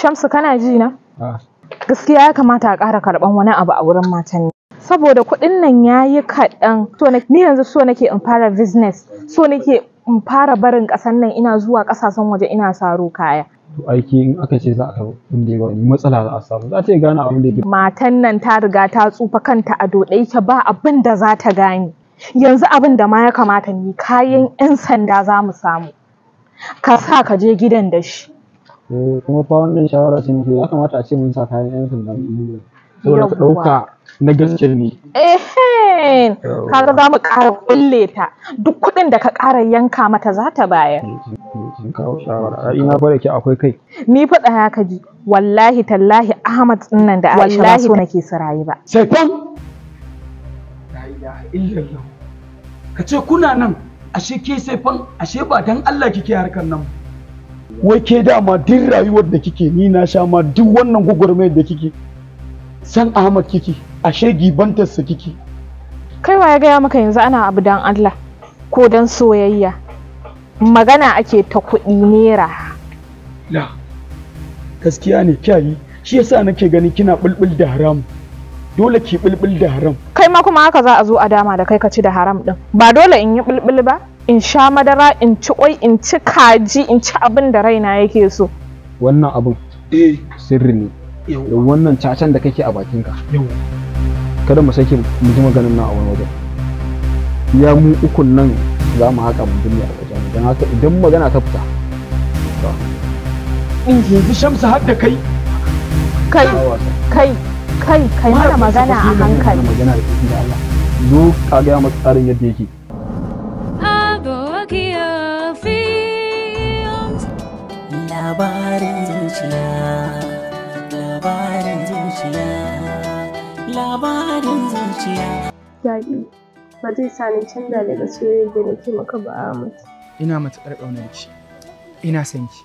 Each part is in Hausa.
Shamsu kana ji na? Ah. Gaskiya ya kamata a ƙara karɓan wani abu a wurin matan Saboda kuɗin nan ya yi kaɗan. So ni yanzu so nake in fara business. So nake in fara barin ƙasan nan ina zuwa ƙasashen waje ina saro kaya. aiki in aka ce za a karɓi inda ya matsala za a samu. Za ta gane abin da yake. Matan nan ta riga ta tsufa kanta a doɗe ba abin da za ta gane. Yanzu abin da ma ya kamata ni kayan 'yan sanda za mu samu. Ka sa ka je gidan da shi. kuma fa wannan shawara ce muke ya kamata a ce mun sa kayan yan sanda saboda ka ɗauka na gaske ne eh kaga za mu ƙara kulle ta duk kuɗin da ka ƙara yanka mata za ta bayar kin kawo shawara ina bare ki akwai kai ni faɗa ya ka ji wallahi tallahi Ahmad din da Aisha ba so nake su rayu ba shaitan ka ce kuna nan ashe ke sai ashe ba dan Allah kike harkar nan ba wai ke dama duk rayuwar da kike ni na sha ma duk wannan gwagwarmayar da kike san Ahmad kike ashe gibantarsa kike kai wa ya gaya maka yanzu ana abu dan Allah ko dan soyayya magana ake ta kuɗi naira la gaskiya ne kyayi shi yasa nake gani kina bulbul da haram dole ki bulbul da haram kai ma kuma haka za a zo a dama da kai ka ci da haram din ba dole in yi bulbul ba in sha madara in ci kwai in ci kaji in ci abin da raina yake so wannan abin eh. sirri ne da wannan cacan da kake a bakinka kada mu sake mu ji maganin nan a wani wajen ya mu ukun nan za mu haka mu duniya a wajen don haka idan magana ta fita in yanzu shamsu har da kai kai kai kai kai mana magana a hankali zo ka gaya masa tsarin yadda yake labarin zuciya labarin zuciya labarin zuciya yaƙi ba zai sa ni canza daga soyayyar da nake maka ba Ahmad ina matuƙar ƙaunar ki ina son ki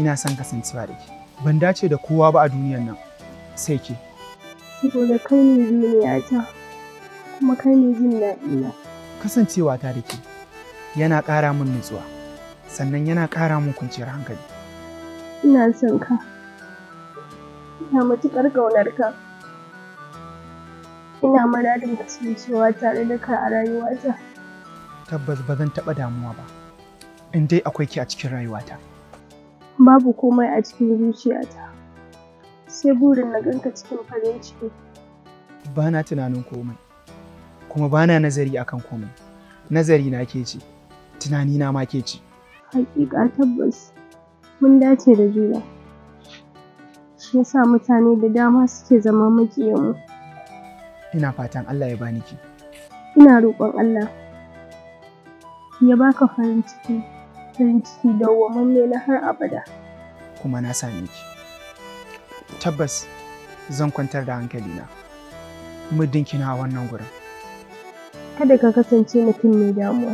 ina son kasancewa da ki ban dace da kowa ba a duniyar nan sai ke saboda kai ne duniya ta kuma kai ne jin daɗi na kasancewa ta da ke yana ƙara min nutsuwa sannan yana ƙara min kwanciyar hankali ina son ka ina matuƙar ƙaunar ka ina maradin kasancewa tare da ka a rayuwata tabbas ba zan taɓa damuwa ba in dai akwai ki a cikin rayuwata babu komai a cikin zuciyata sai burin na ganka cikin farin ciki ba na tunanin komai kuma ba na nazari akan komai nazari na ke ci tunani na ma ke ci hakika tabbas mun dace da juna shi yasa mutane da dama suke zama makiyanmu? ina fatan Allah ya bani ki ina roƙon Allah ya baka farin ciki farin ciki dawwamamme na har abada kuma na same ki tabbas zan kwantar da hankalina muddin kina wannan gurin kada ka kasance mutum mai damuwa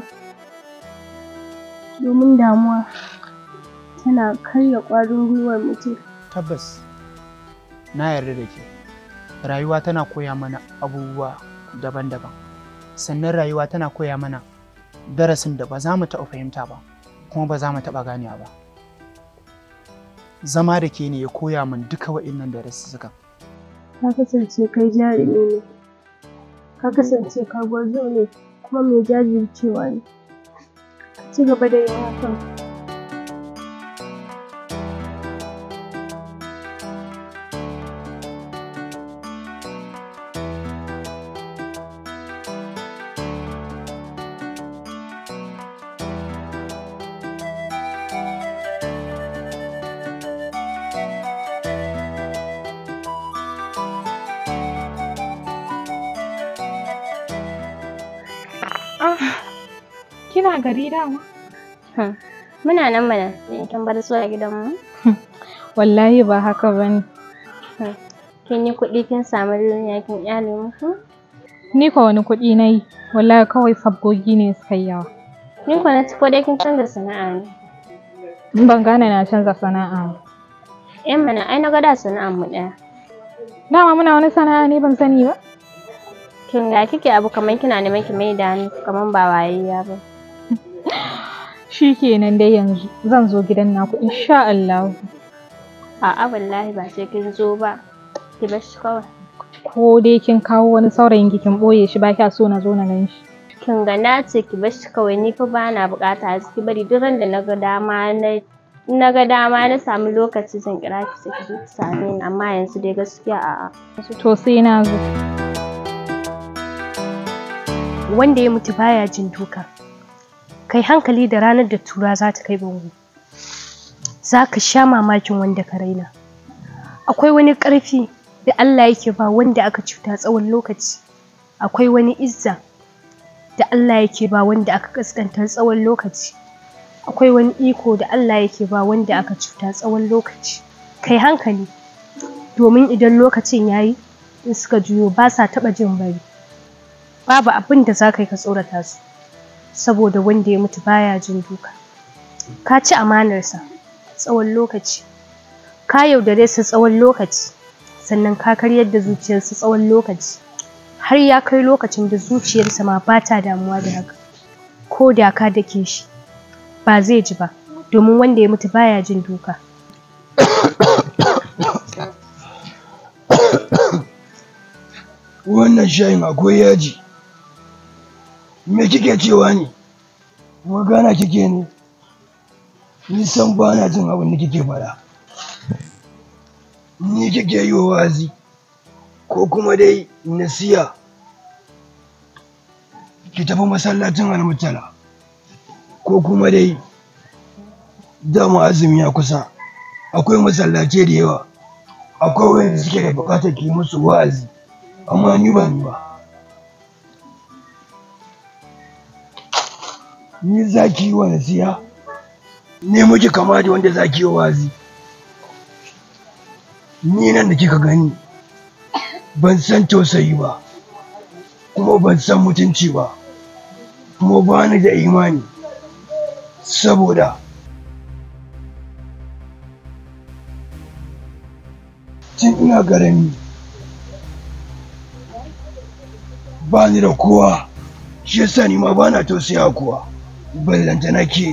domin damuwa tana karya ƙwarin gwiwar mutum. Tabbas, na yarda da ke. Rayuwa tana koya mana abubuwa daban-daban. Sannan rayuwa tana koya mana darasin da ba za mu taɓa fahimta ba, kuma ba za mu taɓa ganewa ba. Zama da ke ne ya koya min duka waɗannan suka. Ka kasance kai jarumi ne, ka kasance ka gwazo ne, kuma mai jajircewa ne. Ci gaba da yin hakan. gari dama? Hmm. Muna nan mana, kin bar zuwa gidanmu? Hmm. Wallahi ba haka ba ne. Hmm. Kin yi kuɗi kin samu duniya kin iyali muku? Ni kwa wani kuɗi na yi, wallahi kawai sabgogi ne suka yi yawa. Ni kwa na ci dai kin canza sana'a ne. Ban gane na canza sana'a Yan mana ai na gada sana'ar mu ɗaya. Dama muna wani sana'a ne ban sani ba. Kin ga kike abu kamar kina neman ki mai da hannu kamar ba wayayya ba. shi kenan dai yanzu zan zo gidan naku insha Allah a'a wallahi ba sai kin zo ba ki bar shi kawai ko dai kin kawo wani saurayin ki kin boye shi ba kya so na zo na gan shi kin ga na ce ki bar shi kawai ni fa ba na bukata ki bari duk randa da na ga dama na na ga dama na samu lokaci zan kira ki sai ki same ni amma yanzu dai gaskiya a'a to sai na zo wanda ya mutu baya jin duka kai hankali da ranar da tura za ta kai bango za ka sha mamakin wanda ka raina akwai wani ƙarfi da Allah yake ba wanda aka cuta tsawon lokaci akwai wani izza da Allah yake ba wanda aka kaskantar tsawon lokaci akwai wani iko da Allah yake ba wanda aka cuta tsawon lokaci kai hankali domin idan lokacin yayi in suka juyo ba sa taɓa jin bari babu abin da za ka yi ka tsorata su saboda wanda ya mutu baya jin duka ka ci amanarsa tsawon lokaci ka yaudare su tsawon lokaci sannan ka karyar da zuciyarsa tsawon lokaci har ya kai lokacin da zuciyarsa ma ba ta damuwa da haka ko da ka dake shi ba zai ji ba domin wanda ya mutu baya jin duka wannan shayin akwai yaji me kike cewa ne magana kike ne nisan ba na jin abin da kike fara. ni kike yi wa'azi, wazi ko kuma dai nasiya ki tafi masallacin almutala ko kuma dai dama azumi ya kusa akwai masallace da yawa akwai wanda suke da bukatar ki musu wa'azi amma ni ba ni ba ni zaki wa nasiya ne muke kama da wanda zaki wa wazi ni nan da kika gani ban san tausayi ba kuma ban san mutunci ba kuma ba ni da imani saboda tun ina garami ba ni da kowa shi yasa ni ma ba na tausaya kowa na ke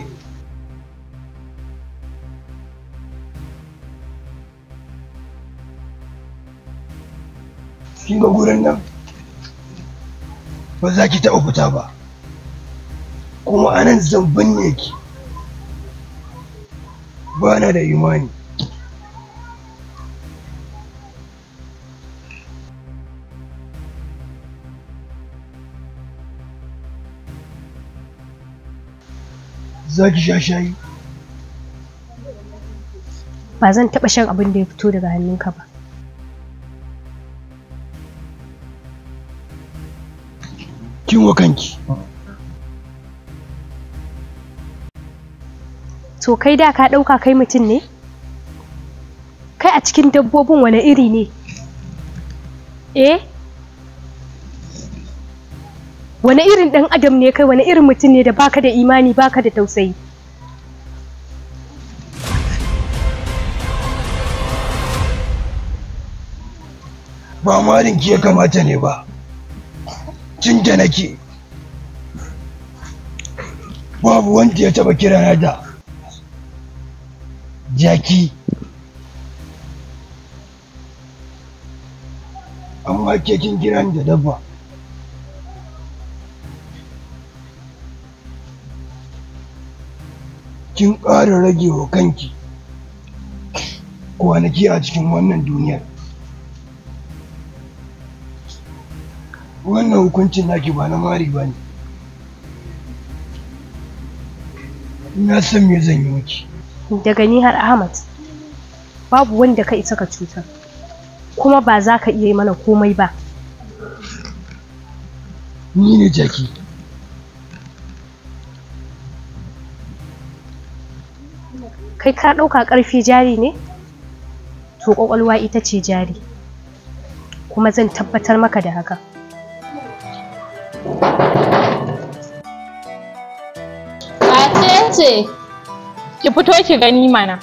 kin ga gurin nan ba za ki taɓa fita ba kuma anan zan binne ki ba na da imani za ki sha shayi ba zan taɓa shan abin da ya fito daga hannunka ba kin wa kanki to kai da ka ɗauka kai mutum ne kai a cikin dabbobin wani iri ne eh wani irin dan adam ne kai wani irin mutum ne da baka da imani baka da tausayi ba malin ki ya kamata ne ba cin da nake babu wanda ya taba kira na da jaki amma ke kin kiran da dabba kin ƙara rage wa kanki kwanaki a cikin wannan duniyar wannan hukuncin naki ba na mari ba ne na san me zan yi miki daga ni har ahmad babu wanda ka isa ka cuta, kuma ba za ka iya yi mana komai ba ni ne jaki kai ka ɗauka ƙarfi jari ne to ƙwaƙwalwa ita ce jari kuma zan tabbatar maka da haka ce ki fito ki gani mana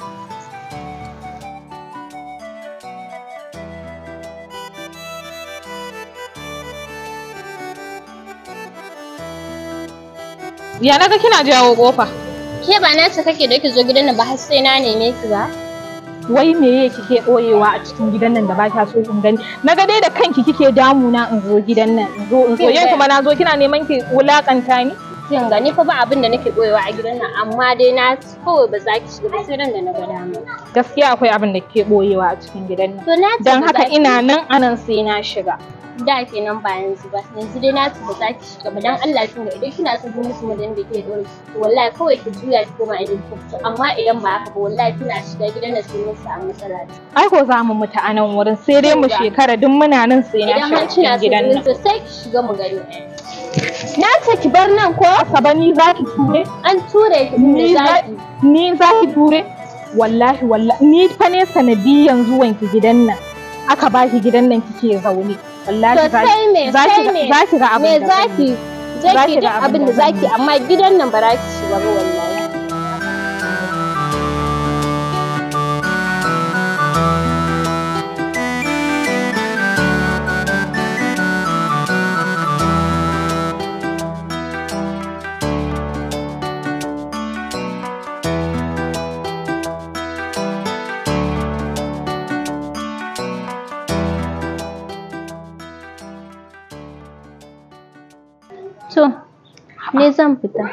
ya naga kina jawo kofa ke ba na ce kake da zo gidan nan ba har sai na neme ki ba wai me yake kike boyewa a cikin gidan nan da ba ta so in gani na ga dai da kanki kike damuna in zo gidan nan in zo in zo yau kuma na zo kina neman ki wulakanta ni kin gani fa ba abin da nake boyewa a gidan nan amma dai na kawai ba za ki shiga ba sai ran da na ga dama gaskiya akwai abin da ke boyewa a cikin gidan nan don haka ina nan anan sai na shiga da kenan ba yanzu ba yanzu dai na tuba za ki shiga ba dan Allah shi ne idan kina son musu mu dan da ke dole to wallahi kawai ki juya ki koma idan ku to amma idan ba haka ba wallahi kina shiga gidan da sun musu a matsala ai ko za mu mutu a nan wurin sai dai mu shekara duk muna nan sai na shiga gidan nan idan sai ki shiga mu gani Na ce ki bar nan ko? Ka ni za ki ture. An ture ki ni za ki. Ni za ki ture. Wallahi wallahi ni fa ne sanadiyan zuwanki gidan nan. Aka ba ki gidan nan kike zaune. wallahi ga zaki abin da zaki amma gidan nan ba za ki shiga ba wallahi ne zan fita.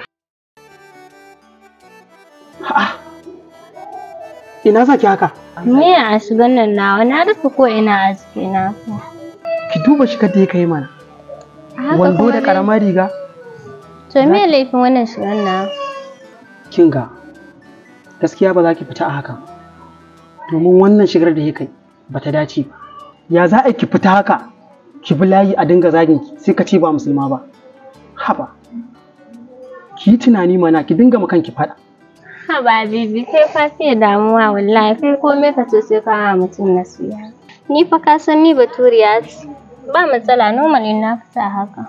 Ina za ki haka? Me a shigar nan nawa na rufe ko ina a na. Ki duba shigar da ya kai mana. Wando da ƙarama riga. To me laifin wannan shigan na? Kin ga gaskiya ba za ki fita a haka. Domin wannan shigar da ya kai ba ta dace ba. Ya za a ki fita haka ki bi layi a dinga zagin ki sai ka ce ba musulma ba. Haba. ki yi tunani mana ki dinga ma kanki faɗa. Ha ba bibi kai fa sai damuwa wallahi kai komai ka ce sai ka mutum nasiya. Ni fa ka san ni baturiya ce ba matsala normal in na fita haka.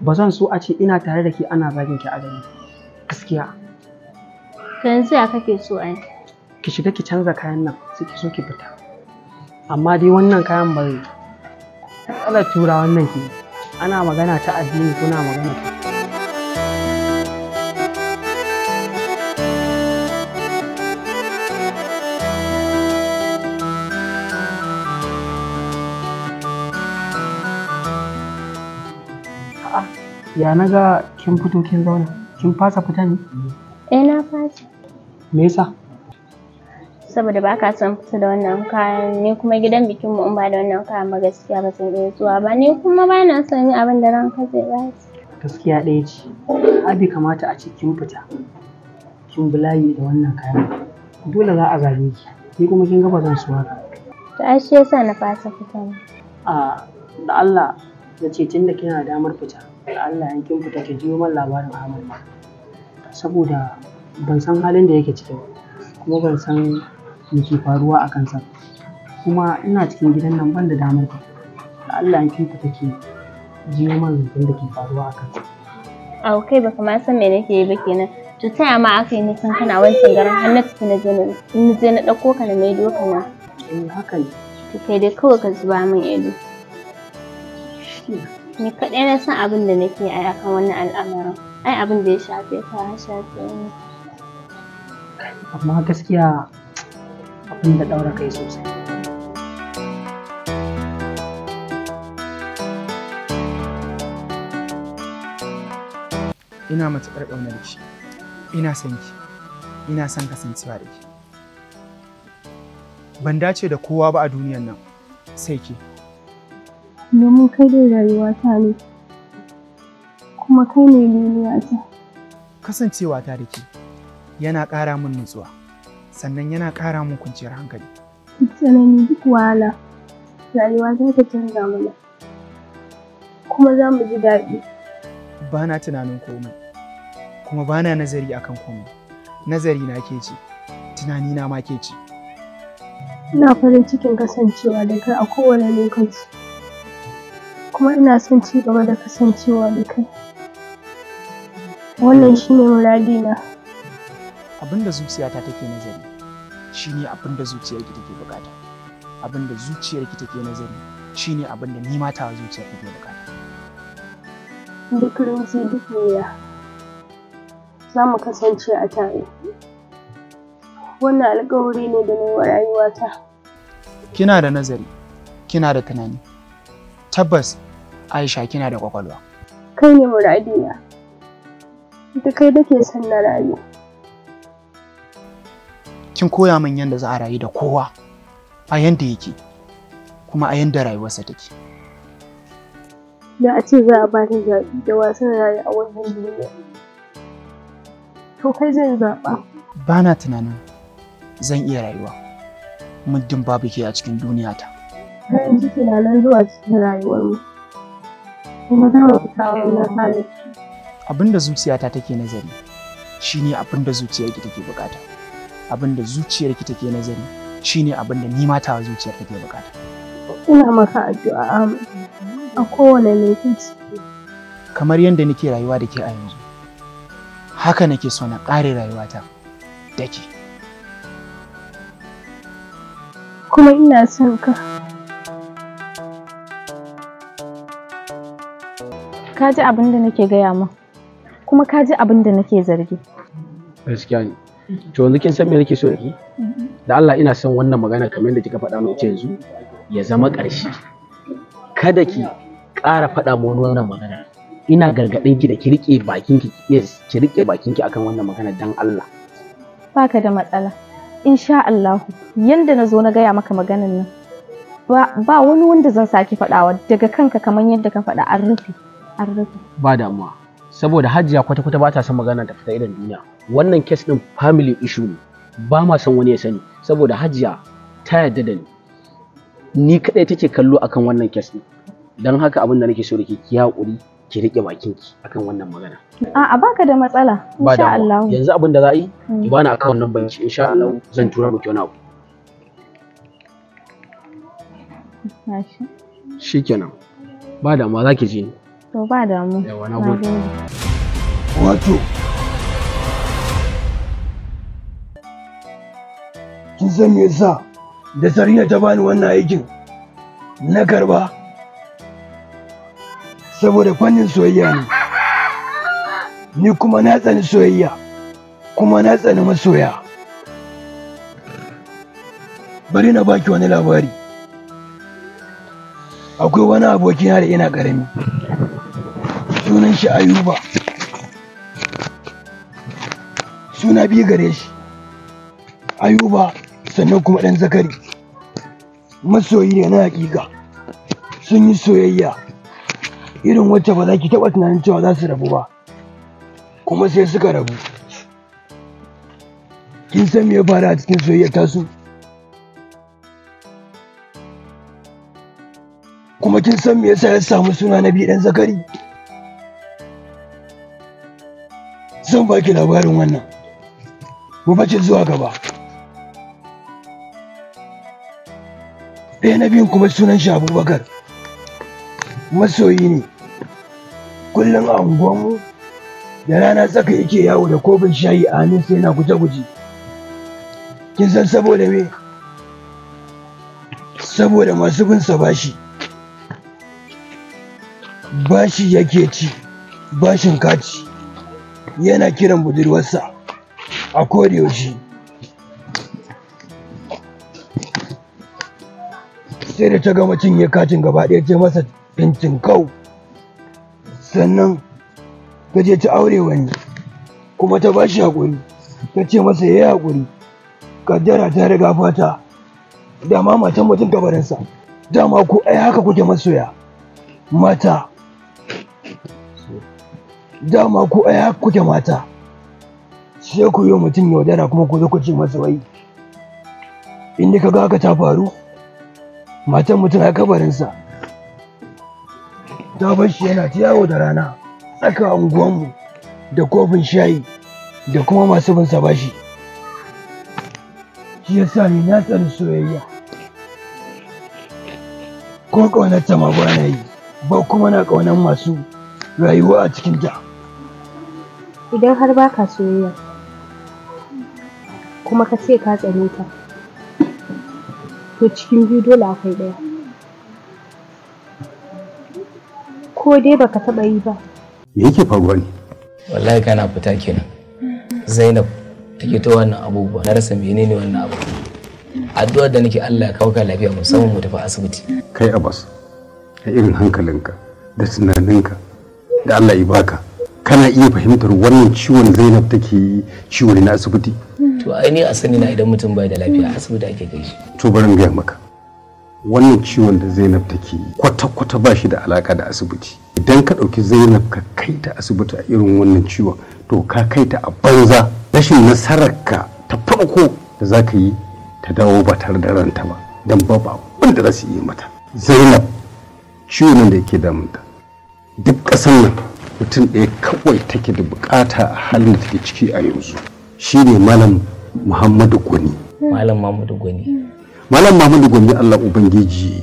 Ba zan so a ce ina tare da ke ana zagin ki a gani. Gaskiya. sai ka kake so ai. Ki shiga ki canza kayan nan sai ki so ki fita. Amma dai wannan kayan ba zai. Matsalar turawan nan ke ana magana ta addini kuna magana ta ya na ga kin fito kin zauna kin fasa fita ne eh na fasa me yasa saboda ba ka son fita da wannan kayan ni kuma gidan bikin mu in ba da wannan kayan ba gaskiya ba san iya zuwa ba ni kuma ba na son yin abin da ka zai ba gaskiya ɗaya ce abi kamata a ce kin fita kin bulayi da wannan kayan dole za a zage ki ni kuma kin ga ba zan suwa ka to ai shi yasa na fasa fita ne a ah, da Allah da ce tunda kina damar fita Allah Ya kin fita ki jiyo man labarin Ahmad ba saboda ban san halin da yake ciki kuma ban san yake faruwa a kansa kuma ina cikin gidan nan ban da damar ku Allah ya kin fita ki jiyo man zancen da ke faruwa a kansa a kai ba kamar san me nake yi ba kenan to ta ma aka yi nisan kana wancan garin har na tafi na je na ɗauko ka na maido ka na eh haka ne to kai dai kawai ka zuba min ido Yeah. ni kaɗai na san abin da nake ai akan wannan al'amarin ai abin da ya shafe ka ya shafe ni amma gaskiya abin da ɗaura kai sosai ina matuƙar ƙaunar shi ina son ki ina son kasancewa da ki ban dace da kowa ba a duniyan nan sai ki domin kai dai rayuwata ne kuma kai ne duniyata. Kasancewa ta da ke yana ƙara min nutsuwa sannan yana ƙara min kwanciyar hankali. Duk tsanani duk wahala rayuwa za ta canza mana kuma za mu ji daɗi. Ba na tunanin komai kuma ba na nazari akan komai nazari na ke ce tunani na ma ke ce. Ina farin cikin kasancewa da kai a kowane lokaci. kuma ina son ci gaba da kasancewa da kai wannan shine na. abinda zuciyata take nazari shine abinda zuciyarki take bukata abinda ki take nazari shine abinda ni ma ta ki take bukata duk rinzi duk ya, za mu kasance a tare wannan alkawari ne da na yi wa rayuwata kina da nazari kina da tunani tabbas Aisha kina da kwakwalwa. Kai ne muradina. Da kai da ke san na rayu. Kin koya min yadda za a rayu da kowa a yanda yake kuma a yanda rayuwarsa take. Da a ce za a bata zaɓi da wasan rayu a wannan duniya. To kai zan zaɓa. Ba na tunanin zan iya rayuwa muddin babu ke a cikin duniyata. ta. yanzu tunanin zuwa cikin rayuwar mu na abin da zuciyata take nazari shine abin da zuciyarki take bukata abin da zuciyarki take nazari shine abin da ni mata zuciyar take bukata ina maka addu'a a kowane lokaci kamar yadda nake rayuwa da ke a yanzu haka nake so na ƙare rayuwata da ke kuma ina son ka ka ji abin da nake gaya min kuma ka ji abin da nake zargi gaskiya ne to yanzu kin san me nake so da da Allah ina son wannan magana kamar yadda kika faɗa min yanzu ya zama ƙarshe kada ki ƙara faɗa mu wannan magana ina gargaɗin ki da ki rike bakin ki yes ki rike bakin ki akan wannan magana dan Allah baka da matsala insha Allah yanda na na gaya maka maganan nan ba wani wanda zan saki faɗawa daga kanka kamar yadda ka faɗa an rufe an rufe ba damuwa saboda hajiya kwata-kwata ba ta son magana ta fita idan duniya wannan kes din family issue ne ba ma son wani ya sani saboda hajiya ta yarda da ni ni kadai take kallo akan wannan kes din don haka abin da nake so da ke ki haƙuri ki riƙe bakin ki akan wannan magana a'a baka da matsala insha Allah yanzu abin da za a yi hmm. ki bani account number ki insha Allah zan tura miki wani abu shikenan ba damuwa za ki je ni To ba damu. Yawa na gode. Wato. Kin san me yasa da Sarina ta bani wannan aikin na karba saboda fannin soyayya ne. Ni kuma na tsani soyayya kuma na tsani masoya. Bari na baki wani labari. Akwai wani abokina da ina ƙarami. sunan shi ayuba suna biyu gare shi ayuba sannan kuma ɗan zakari masoyi ne na hakika sun yi soyayya irin wacce ba za ki taɓa tunanin cewa za su rabu ba kuma sai suka rabu kin san me ya faru a cikin soyayya tasu kuma kin san me yasa ya samu suna na biyu ɗan zakari baki labarin wannan mafacin zuwa gaba ɗaya na biyun kuma sunan shi abubakar masoyi ne kullum a unguwanmu da rana tsaka yake yawo da kofin shayi a sai yana guje-guje kin san saboda me saboda masu bin sa bashi bashi yake ci bashin kaci yana kiran budurwarsa a yaushe. sai da ta gama cinye katin gaba ɗaya ce masa cincin kau sannan ta je ta aure wani kuma ta ba shi haƙuri ta ce masa ya yi haƙuri kaddara ta riga fata dama matan mutum kabarinsa dama ko ai haka kuke masoya mata dama ku aya kuke mata sai ku yi mutum yaudara kuma ku zo ku ce masa wai in ka ga haka ta faru matan mutum a kabarinsa ta bar shi yana ta yawo da rana tsaka unguwanmu da kofin shayi da kuma masu bin bashi shi ya sa ni na tsani soyayya ko ƙaunar ta ma bana yi ba kuma na ƙaunar masu rayuwa a cikin ta. idan har ba ka soyayya kuma ka ce ka tsare ta to cikin biyu dole akwai ɗaya ko dai baka taɓa yi ba me yake faruwa ne wallahi kana fita kenan zainab take ta wannan abubuwa na rasa menene wannan abu addu'ar da nake Allah ya kawo ka lafiya musamman mu tafi asibiti kai abbas a irin hankalinka da tunaninka da Allah ya baka kana iya fahimtar wannan ciwon zainab take yi ciwo na asibiti to ai ni a sani na idan mutum bai da lafiya asibiti ake kai shi to bari in gaya maka wannan ciwon da zainab take yi kwata-kwata ba shi da alaka da asibiti idan ka ɗauki zainab ka kai ta asibiti a irin wannan ciwon to ka kai ta a banza rashin nasarar ka ta farko da za ka yi ta dawo ba tare da ranta ba don babu abin da za su yi mata zainab ciwon da yake damunta duk ƙasar nan mutum ɗaya kawai take da bukata a halin da take ciki a yanzu shine malam muhammadu gwani malam muhammadu gwani malam muhammadu gwani allah ubangiji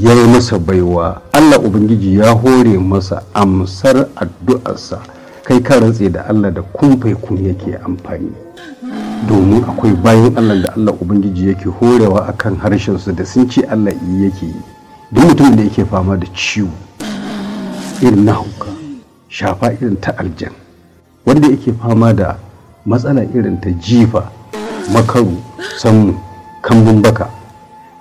ya yi masa baiwa allah ubangiji ya hore masa amsar addu'arsa kai ka rantse da allah da kumfai kun yake amfani domin akwai bayan allah da allah ubangiji yake horewa akan harshensu da sun ce allah yake yi duk mutum da yake fama da ciwo irin na hauka shafa irin ta aljan wanda yake fama da matsala irin ta jifa makaru sanmu kambun baka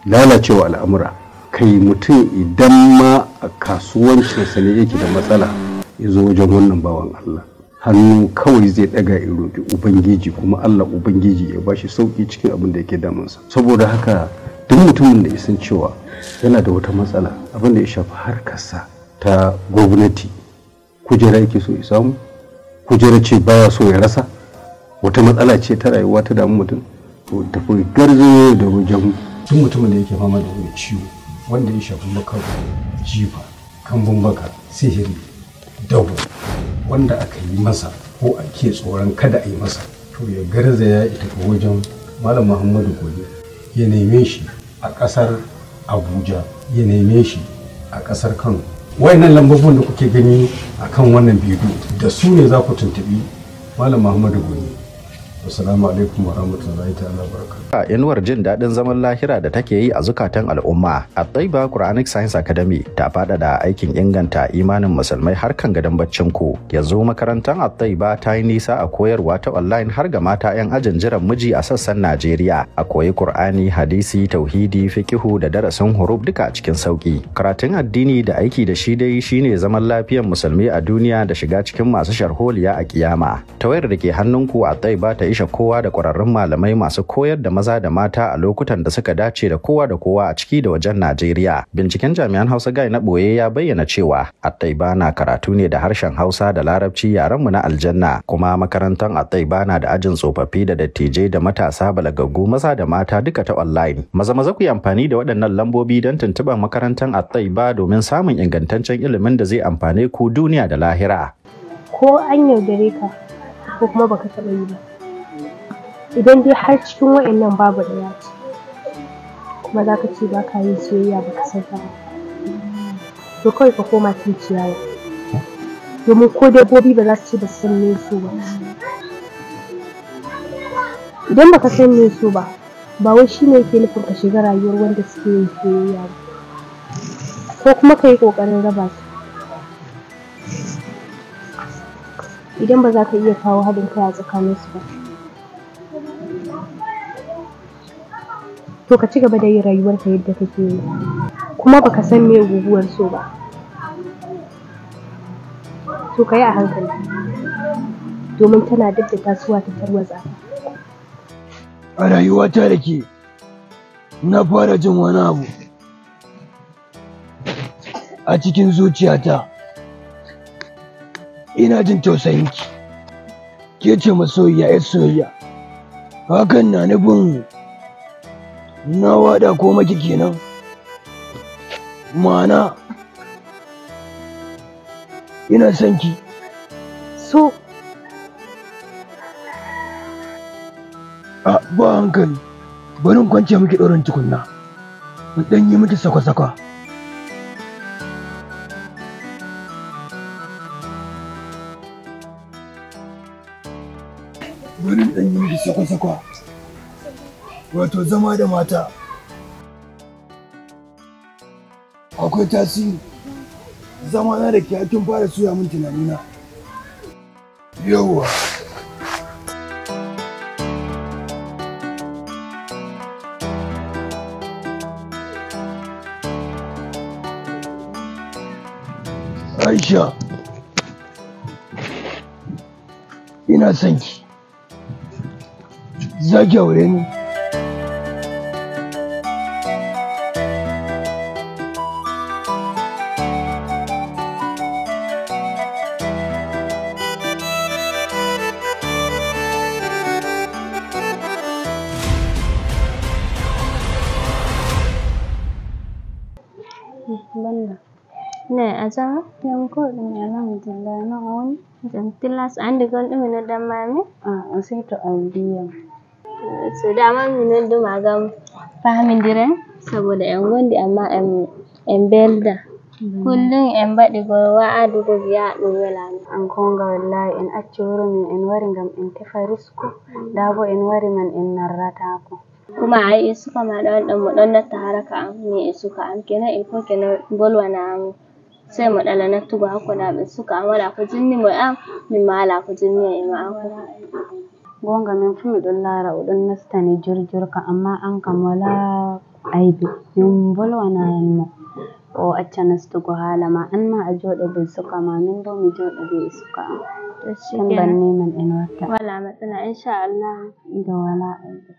lalacewa al'amura kai mutum idan ma a kasuwancinsa ne yake da matsala ya zo wajen wannan bawan Allah hannu kawai zai daga ya roƙi ubangiji kuma Allah ubangiji ya bashi sauƙi cikin abin da yake damunsa saboda haka duk mutumin da ya san cewa yana da wata matsala abin da ya shafi harkarsa ta gwamnati kujera yake so ya samu kujera ce baya so ya rasa wata matsala ce ta rayuwa ta damu mutum to tafi garzo da wajen tun mutumin da yake fama da wani ciwo wanda ya shafi maka jifa kan baka sihiri dawo wanda aka yi masa ko ke tsoron kada a yi masa to ya garzaya ita wajen malam muhammadu gobe ya neme shi a ƙasar abuja ya neme shi a ƙasar kano wayannan lambobin da kuke gani akan wannan bidiyo da su ne za ku tuntubi malam Muhammadu Goni Assalamu alaikum warahmatullahi ta'ala barakatuh. Inuwar jin daɗin zaman lahira da take yi a zukatan al'umma, a Taiba Quranic Science Academy ta faɗaɗa aikin inganta imanin musulmai har kan gadon baccin ku. Yanzu makarantar a Taiba ta yi nisa a koyarwa ta online har ga mata 'yan ajin jiran miji a sassan Najeriya. A koyi Qur'ani, hadisi, tauhidi, fikihu da darasin huruf duka cikin sauki. Karatun addini da aiki da shi dai shine zaman lafiyar musulmi a duniya da shiga cikin masu sharholiya a kiyama. Tawayar da ke hannunku a Taiba ta isa kowa da ƙwararrun malamai masu koyar da maza da mata a lokutan da suka dace da kowa da kowa a ciki da wajen Najeriya. Binciken jami'an Hausa Gai na boye ya bayyana cewa Attaiba na karatu ne da harshen Hausa da Larabci yarenmu na aljanna kuma makarantar Attaiba na da ajin tsofaffi da dattijai da matasa balagaggu maza da mata duka ta online. Maza maza ku yi amfani da waɗannan lambobi don tuntuɓar makarantar Attaiba domin samun ingantaccen ilimin da zai amfane ku duniya da lahira. Ko an yaudare ka ko kuma baka taɓa yi ba. idan dai har cikin wa'annan babu ɗaya ce kuma za ka ce ba ka yi soyayya ba ka san ta to kawai ka koma cin ciyawa domin ko dabbobi ba za su ce ba su san nesu ba idan ba ka san nesu ba ba wai shi ne yake nufin ka shiga rayuwar wanda suke yin soyayya ba ko kuma ka yi ƙoƙarin raba su idan ba za ka iya kawo haɗin kai a tsakaninsu ba to ka ci gaba da yin rayuwarka yadda kake yi kuma baka san me guguwar so ba to ka yi a hankali domin tana duk da tasowa ta tarwatsa a rayuwata da ke na fara jin wani abu a cikin zuciyata ina jin tausayinki ke ce masoyiya ya soyayya hakan na nufin na wada ko maki kenan mana ina son ki so a ba hankali bari in kwance miki ɗorin tukunna in ɗan yi miki sakwa-sakwa bari in ɗan yi miki sakwa-sakwa wato zama da mata akwai tasiri zama na da ke fara suya min tunanina yawwa Aisha, ina son ki, za ki aure ni. Ko ɗume Recording alarm wani, jam tilas Jantilas and the gold mi nodda mami. Ah, sai eh, to audio. So da ma mi nodda magam famindire saboda en gondi amma en en belda. Mm. Kullum en baɗi go wa'adugo wiya ɗum welami. An konga wallahi in acci wuro min en wari gam in tafa risku. Mm. Nda bo en wari man in narrata ku. kuma ai in suka ma ɗan ɗan mu ɗan na tare ka an ne in suka an kenan in e ko kenan bolwa na mu. Sai say na bin suka amala ko jinni mo 'ya min mala ko jinni e ma ko gonga min fu don lara o don nastani ka amma an kam wala aibe min bolwanayan mo o acca nastugo hala ma an ma a jooɗo bin suka ma min bo mi jooɗo bin suka Kan tan banni man in watta wala matsala Allah da wala aibe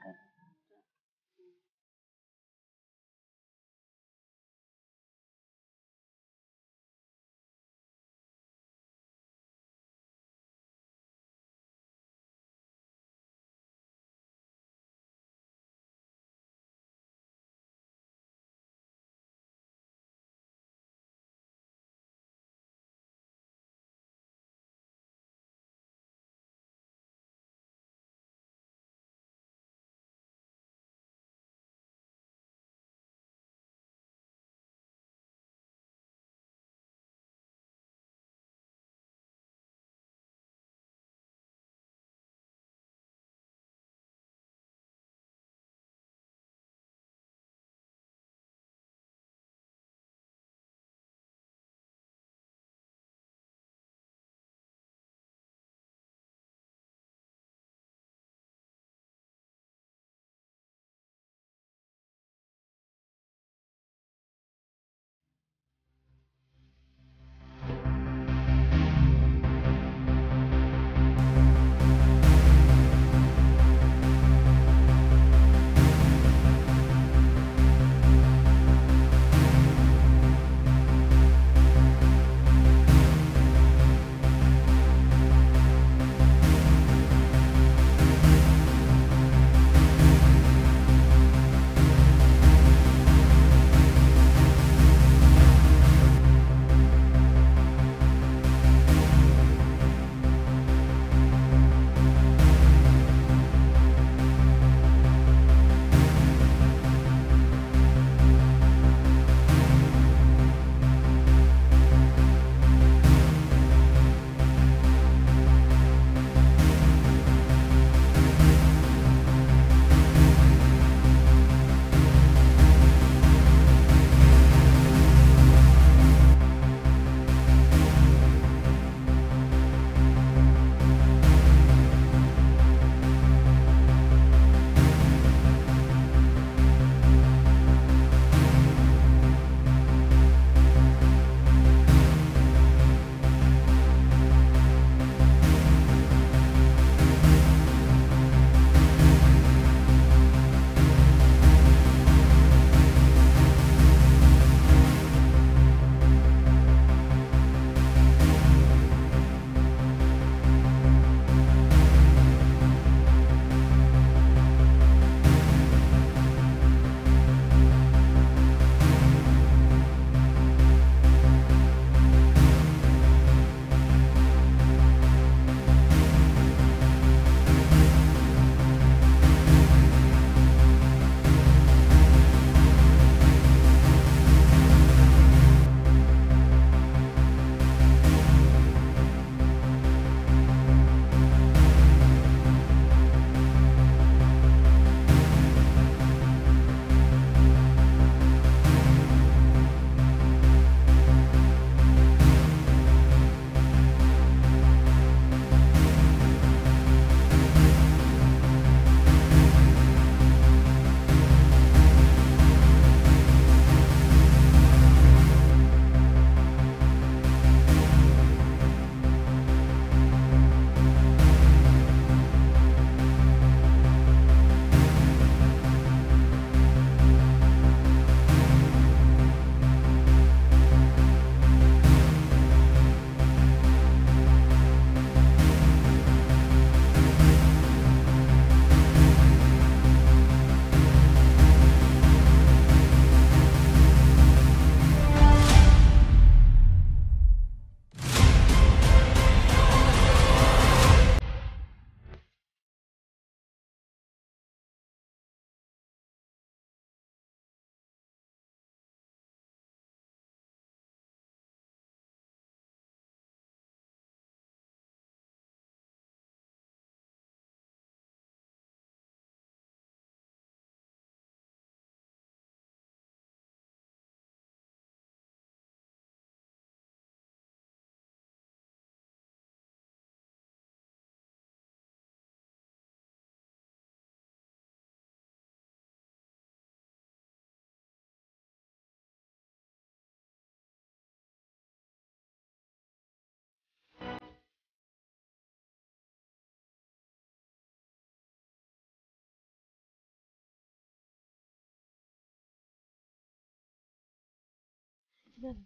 together.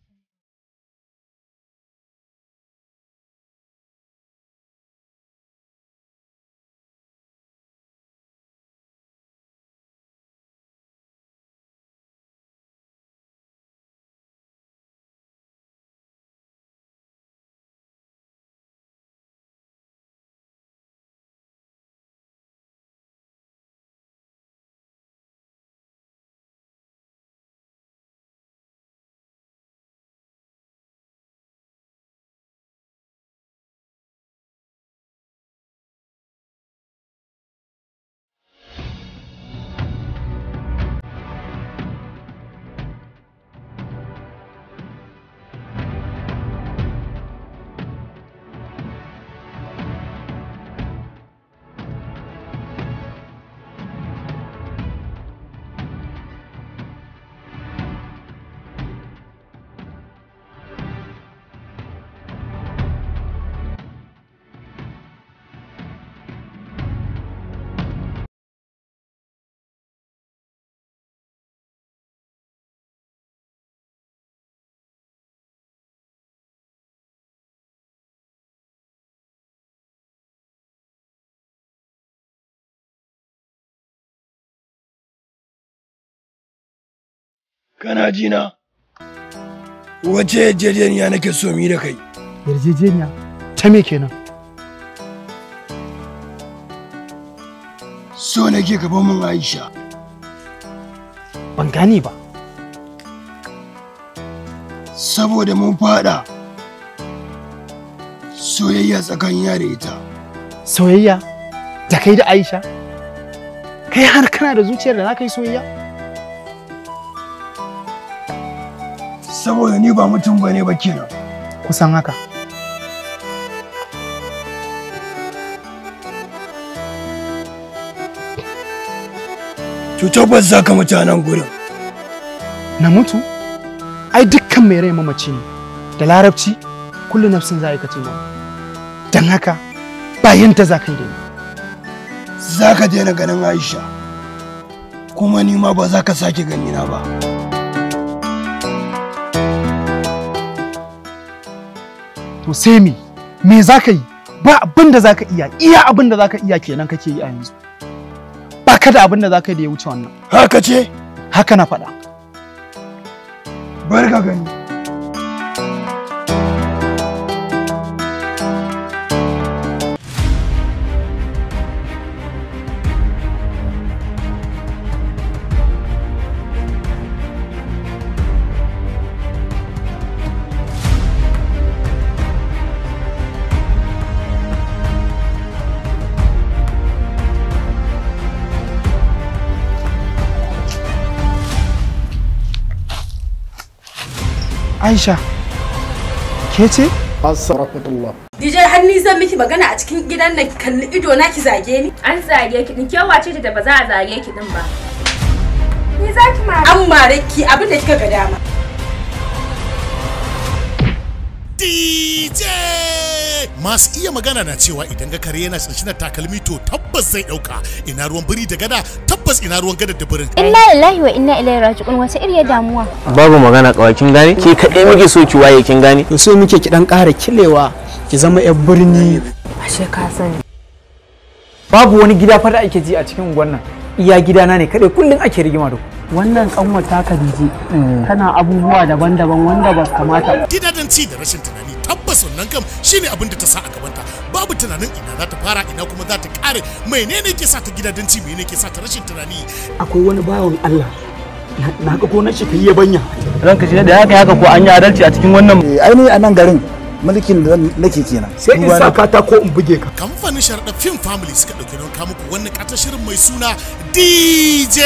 Kana ji na? Wace yarjejeniya nake so mu yi da kai? Yarjejeniya? Ta me kenan? So nake kafa min Aisha. Ban gane ba. Saboda mun fada soyayya tsakanin ya ita. Soyayya? Da kai da Aisha? Kai har kana da zuciyar da za ka soyayya? saboda ni ba mutum ba ne ba kenan kusan haka cutar ba za ka mutu nan gurin na mutu ai dukkan mai rai mamaci ne da larabci kullu nafsin za a kace ma don haka ba ta za ka yi za ka daina ganin aisha kuma ni ma ba za ka sake ganina ba. to sai me me za yi ba abin da za iya iya abin da za iya kenan kake yi a yanzu ba ka da abin da za ka yi da ya wuce wannan haka ce haka na faɗa bar gani aisha ke ce assalamu DJ hannu zan miki magana a cikin gidan nan kalli ido na ki zage ni an zage ki din kyawa ce da ba za a zage ki din ba ni za ki ma. an mare ki abin da kika ga dama DJ masu iya magana na cewa idan ga kare yana na takalmi to tabbas zai dauka ina ruwan biri da gada tabbas ina ruwan gada da birin inna lillahi wa inna ilaihi raji'un wata iriyar damuwa babu magana kawakin gane ke kadai muke so ki waye kin gane to so muke ki dan kara kilewa ki zama yan birni ashe ka sani babu wani gida fa da ake ji a cikin gwannan. nan iya gidana ne kadai kullum ake rigima da wannan kanwar ta kadije eh. tana abubuwa daban-daban wanda ba kamata gidajen ci da rashin tunani tabbas wannan kam shine abin da ta sa a gabanta babu tunanin ina za ta fara ina kuma za ta kare menene ke sa ta gidajen ci menene ke sa ta rashin tunani akwai wani bawan Allah na ga na shi ka yi yabanya ranka shi da haka haka ko an yi adalci a cikin wannan eh, ainihi a nan garin mulkin da nake kenan sai in sa kata ko in buge ka kamfanin sharaɗa film family suka ɗauki don kawo muku wannan kata shirin mai suna DJ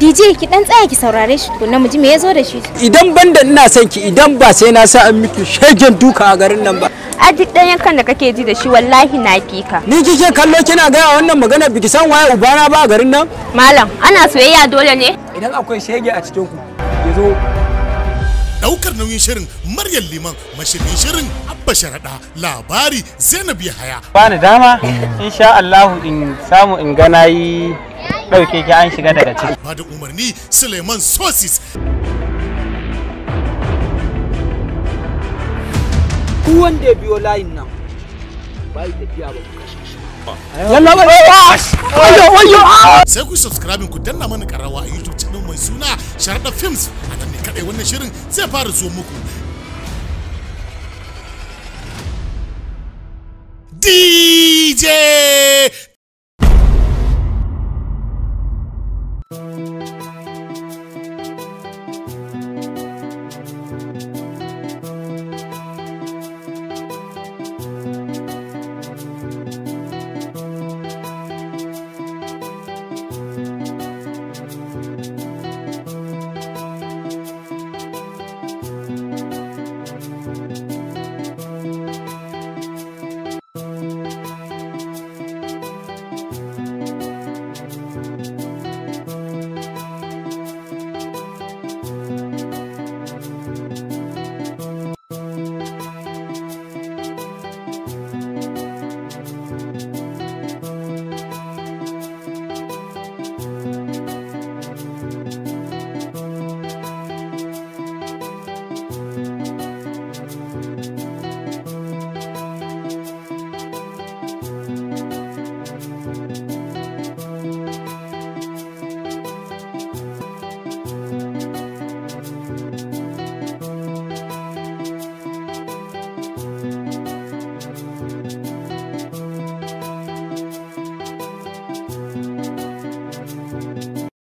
DJ ki dan tsaya ki saurare shi tukunna mu ji me yazo da shi idan ban da ina son ki idan ba sai na sa an miki shegen duka a garin nan ba a duk ɗan yankan da kake ji da shi wallahi na fi ka ni kike kallo kina gaya wannan magana biki san waye ubana ba a garin nan malam ana soyayya dole ne idan akwai shege a cikin ku yazo daukar nauyin shirin maryam liman mashirin shirin abba sharaɗa labari zainab yahaya ni dama insha allahu in samu in gana yi ɗauke ki an shiga daga ciki ba da umarni suleiman sosis duk wanda ya biyo layin nan bai tafiya ba ku kashe shi yalla sai ku subscribe ku danna mana karawa a youtube mai suna sharaɗa films a nan ne kaɗai wannan shirin zai fara zo muku DJ